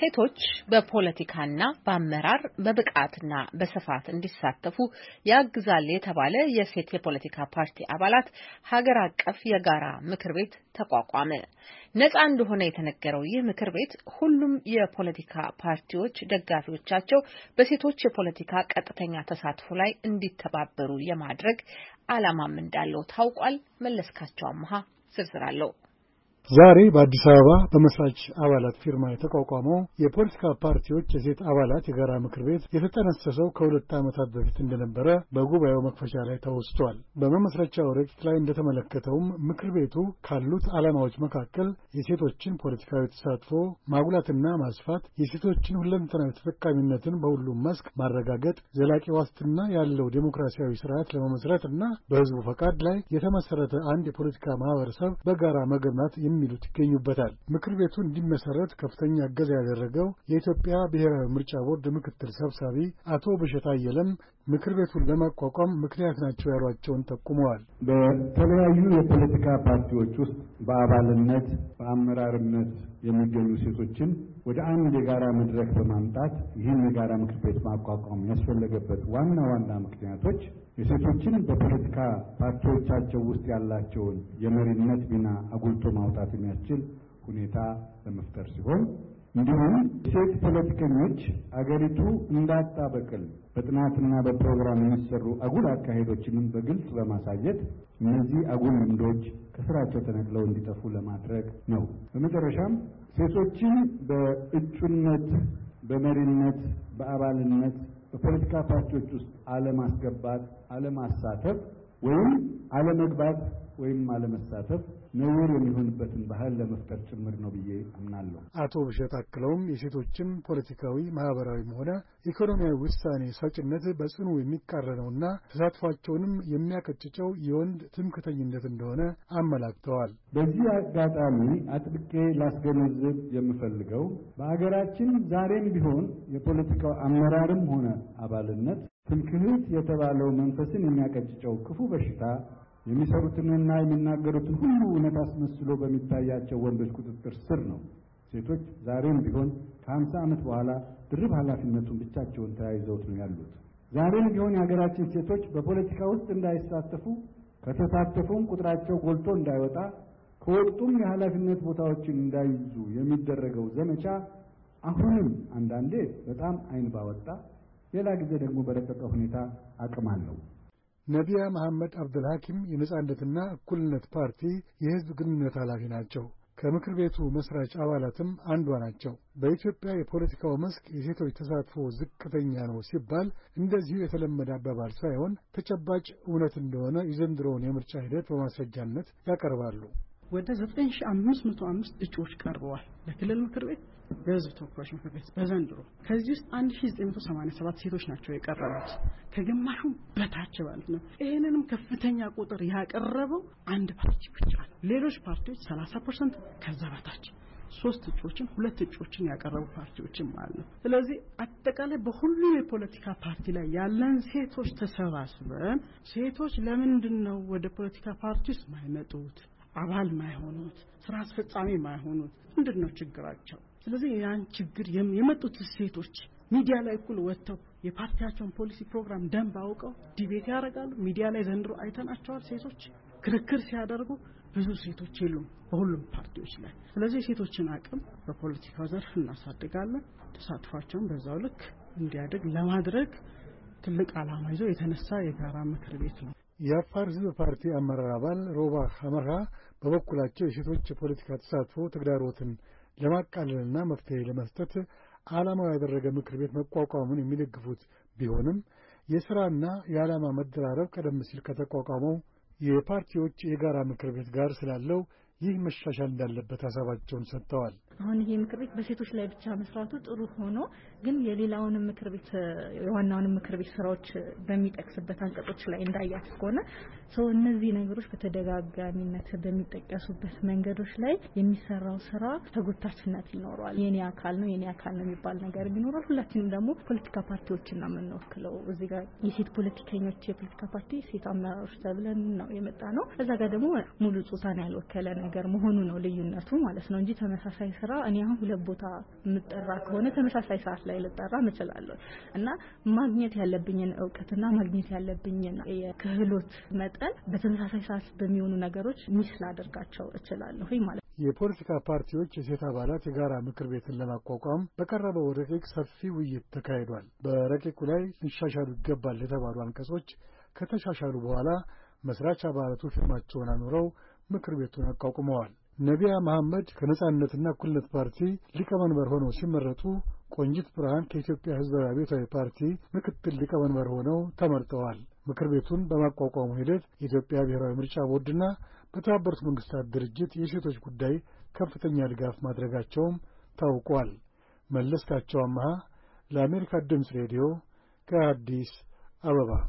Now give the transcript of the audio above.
ሴቶች በፖለቲካና በአመራር በብቃትና በስፋት እንዲሳተፉ ያግዛል የተባለ የሴት የፖለቲካ ፓርቲ አባላት ሀገር አቀፍ የጋራ ምክር ቤት ተቋቋመ። ነጻ እንደሆነ የተነገረው ይህ ምክር ቤት ሁሉም የፖለቲካ ፓርቲዎች ደጋፊዎቻቸው በሴቶች የፖለቲካ ቀጥተኛ ተሳትፎ ላይ እንዲተባበሩ የማድረግ ዓላማም እንዳለው ታውቋል። መለስካቸው አመሃ se cerraló. ዛሬ በአዲስ አበባ በመስራች አባላት ፊርማ የተቋቋመው የፖለቲካ ፓርቲዎች የሴት አባላት የጋራ ምክር ቤት የተጠነሰሰው ከሁለት ዓመታት በፊት እንደነበረ በጉባኤው መክፈቻ ላይ ተወስቷል። በመመስረቻው ረቂቅ ላይ እንደተመለከተውም ምክር ቤቱ ካሉት ዓላማዎች መካከል የሴቶችን ፖለቲካዊ ተሳትፎ ማጉላትና ማስፋት፣ የሴቶችን ሁለንተናዊ ተጠቃሚነትን በሁሉም መስክ ማረጋገጥ፣ ዘላቂ ዋስትና ያለው ዴሞክራሲያዊ ስርዓት ለመመስረት እና በሕዝቡ ፈቃድ ላይ የተመሰረተ አንድ የፖለቲካ ማህበረሰብ በጋራ መገንባት የሚሉት ይገኙበታል። ምክር ቤቱ እንዲመሰረት ከፍተኛ እገዛ ያደረገው የኢትዮጵያ ብሔራዊ ምርጫ ቦርድ ምክትል ሰብሳቢ አቶ በሸታ አየለም ምክር ቤቱን ለማቋቋም ምክንያት ናቸው ያሏቸውን ጠቁመዋል። በተለያዩ የፖለቲካ ፓርቲዎች ውስጥ በአባልነት በአመራርነት የሚገኙ ሴቶችን ወደ አንድ የጋራ መድረክ በማምጣት ይህን የጋራ ምክር ቤት ማቋቋም ያስፈለገበት ዋና ዋና ምክንያቶች የሴቶችን በፖለቲካ ፓርቲዎቻቸው ውስጥ ያላቸውን የመሪነት ሚና አጉልቶ ማውጣት የሚያስችል ሁኔታ ለመፍጠር ሲሆን እንዲሁም ሴት ፖለቲከኞች አገሪቱ እንዳታበቅል በጥናትና በፕሮግራም የሚሰሩ አጉል አካሄዶችንም በግልጽ በማሳየት እነዚህ አጉል ልምዶች ከስራቸው ተነቅለው እንዲጠፉ ለማድረግ ነው። በመጨረሻም ሴቶችን በእጩነት፣ በመሪነት፣ በአባልነት በፖለቲካ ፓርቲዎች ውስጥ አለማስገባት፣ አለማሳተፍ ወይም አለመግባት ወይም አለመሳተፍ ነውር የሚሆንበትን ባህል ለመፍጠር ጭምር ነው ብዬ አምናለሁ። አቶ ብሸት አክለውም የሴቶችም ፖለቲካዊ፣ ማህበራዊም ሆነ ኢኮኖሚያዊ ውሳኔ ሰጭነት በጽኑ የሚቃረነውና ተሳትፏቸውንም የሚያቀጭጨው የወንድ ትምክተኝነት እንደሆነ አመላክተዋል። በዚህ አጋጣሚ አጥብቄ ላስገነዝብ የምፈልገው በአገራችን ዛሬም ቢሆን የፖለቲካው አመራርም ሆነ አባልነት ትምክህት የተባለው መንፈስን የሚያቀጭጨው ክፉ በሽታ የሚሰሩትንና የሚናገሩትን ሁሉ እውነት አስመስሎ በሚታያቸው ወንዶች ቁጥጥር ስር ነው። ሴቶች ዛሬም ቢሆን ከሀምሳ ዓመት በኋላ ድርብ ኃላፊነቱን ብቻቸውን ተያይዘውት ነው ያሉት። ዛሬም ቢሆን የሀገራችን ሴቶች በፖለቲካ ውስጥ እንዳይሳተፉ ከተሳተፉም ቁጥራቸው ጎልቶ እንዳይወጣ ከወጡም የኃላፊነት ቦታዎችን እንዳይዙ የሚደረገው ዘመቻ አሁንም አንዳንዴ በጣም አይን ባወጣ ሌላ ጊዜ ደግሞ በረቀቀ ሁኔታ አቅም አለው። ነቢያ መሐመድ አብዱልሐኪም የነጻነትና እኩልነት ፓርቲ የህዝብ ግንኙነት ኃላፊ ናቸው። ከምክር ቤቱ መስራች አባላትም አንዷ ናቸው። በኢትዮጵያ የፖለቲካው መስክ የሴቶች ተሳትፎ ዝቅተኛ ነው ሲባል እንደዚሁ የተለመደ አባባል ሳይሆን ተጨባጭ እውነት እንደሆነ የዘንድሮውን የምርጫ ሂደት በማስረጃነት ያቀርባሉ። ወደ አምስት እጩዎች ቀርበዋል። ለክልል ምክር ቤት በህዝብ ተወካዮች ምክር ቤት በዘንድሮ ከዚህ ውስጥ አንድ ሺ98ሰባት ሴቶች ናቸው የቀረቡት፣ ከግማሹም በታች ማለት ነው። ይህንንም ከፍተኛ ቁጥር ያቀረበው አንድ ፓርቲ ብቻ ነው። ሌሎች ፓርቲዎች ሰላሳ ፐርሰንት ከዛ በታች ሶስት እጩዎችን ሁለት እጩዎችን ያቀረቡ ፓርቲዎችም አሉ። ስለዚህ አጠቃላይ በሁሉም የፖለቲካ ፓርቲ ላይ ያለን ሴቶች ተሰባስበን ሴቶች ለምንድን ነው ወደ ፖለቲካ ፓርቲ ውስጥ ማይመጡት አባል ማይሆኑት ስራ አስፈጻሚ ማይሆኑት ምንድን ነው ችግራቸው? ስለዚህ ያን ችግር የመጡት ሴቶች ሚዲያ ላይ እኩል ወጥተው የፓርቲያቸውን ፖሊሲ ፕሮግራም ደንብ አውቀው ዲቤት ያደርጋሉ። ሚዲያ ላይ ዘንድሮ አይተናቸዋል። ሴቶች ክርክር ሲያደርጉ ብዙ ሴቶች የሉም በሁሉም ፓርቲዎች ላይ። ስለዚህ የሴቶችን አቅም በፖለቲካው ዘርፍ እናሳድጋለን። ተሳትፏቸውን በዛው ልክ እንዲያድግ ለማድረግ ትልቅ ዓላማ ይዞ የተነሳ የጋራ ምክር ቤት ነው። የአፋር ሕዝብ ፓርቲ አመራር አባል ሮባ አመራ በበኩላቸው የሴቶች የፖለቲካ ተሳትፎ ተግዳሮትን ለማቃለልና መፍትሄ ለመስጠት ዓላማው ያደረገ ምክር ቤት መቋቋሙን የሚደግፉት ቢሆንም የሥራና የዓላማ መደራረብ ቀደም ሲል ከተቋቋመው የፓርቲዎች የጋራ ምክር ቤት ጋር ስላለው ይህ መሻሻል እንዳለበት ሀሳባቸውን ሰጥተዋል። አሁን ይሄ ምክር ቤት በሴቶች ላይ ብቻ መስራቱ ጥሩ ሆኖ ግን የሌላውንም ምክር ቤት የዋናውንም ምክር ቤት ስራዎች በሚጠቅስበት አንቀጾች ላይ እንዳያት ከሆነ ሰው እነዚህ ነገሮች በተደጋጋሚነት በሚጠቀሱበት መንገዶች ላይ የሚሰራው ስራ ተጎታችነት ይኖረዋል። የኔ አካል ነው የኔ አካል ነው የሚባል ነገር ይኖራል። ሁላችንም ደግሞ ፖለቲካ ፓርቲዎችን ነው የምንወክለው። እዚህ ጋር የሴት ፖለቲከኞች የፖለቲካ ፓርቲ ሴት አመራሮች ተብለን ነው የመጣ ነው። እዛ ጋር ደግሞ ሙሉ ጾታን ያልወከለ ነው ነገር መሆኑ ነው ልዩነቱ ማለት ነው እንጂ ተመሳሳይ ስራ እኔ አሁን ሁለት ቦታ የምጠራ ከሆነ ተመሳሳይ ሰዓት ላይ ልጠራ እችላለሁ እና ማግኘት ያለብኝን እውቀትና ማግኘት ያለብኝን የክህሎት መጠን በተመሳሳይ ሰዓት በሚሆኑ ነገሮች ሚስ ላደርጋቸው እችላለሁ ማለት ነው። የፖለቲካ ፓርቲዎች የሴት አባላት የጋራ ምክር ቤትን ለማቋቋም በቀረበው ረቂቅ ሰፊ ውይይት ተካሂዷል። በረቂቁ ላይ ሊሻሻሉ ይገባል የተባሉ አንቀጾች ከተሻሻሉ በኋላ መስራች አባላቱ ፊርማቸውን አኑረው ምክር ቤቱን አቋቁመዋል። ነቢያ መሐመድ ከነጻነትና እኩልነት ፓርቲ ሊቀመንበር ሆነው ሲመረጡ ቆንጂት ብርሃን ከኢትዮጵያ ሕዝባዊ አብዮታዊ ፓርቲ ምክትል ሊቀመንበር ሆነው ተመርጠዋል። ምክር ቤቱን በማቋቋሙ ሂደት የኢትዮጵያ ብሔራዊ ምርጫ ቦርድና በተባበሩት መንግስታት ድርጅት የሴቶች ጉዳይ ከፍተኛ ድጋፍ ማድረጋቸውም ታውቋል። መለስካቸው አመሃ ለአሜሪካ ድምፅ ሬዲዮ ከአዲስ አበባ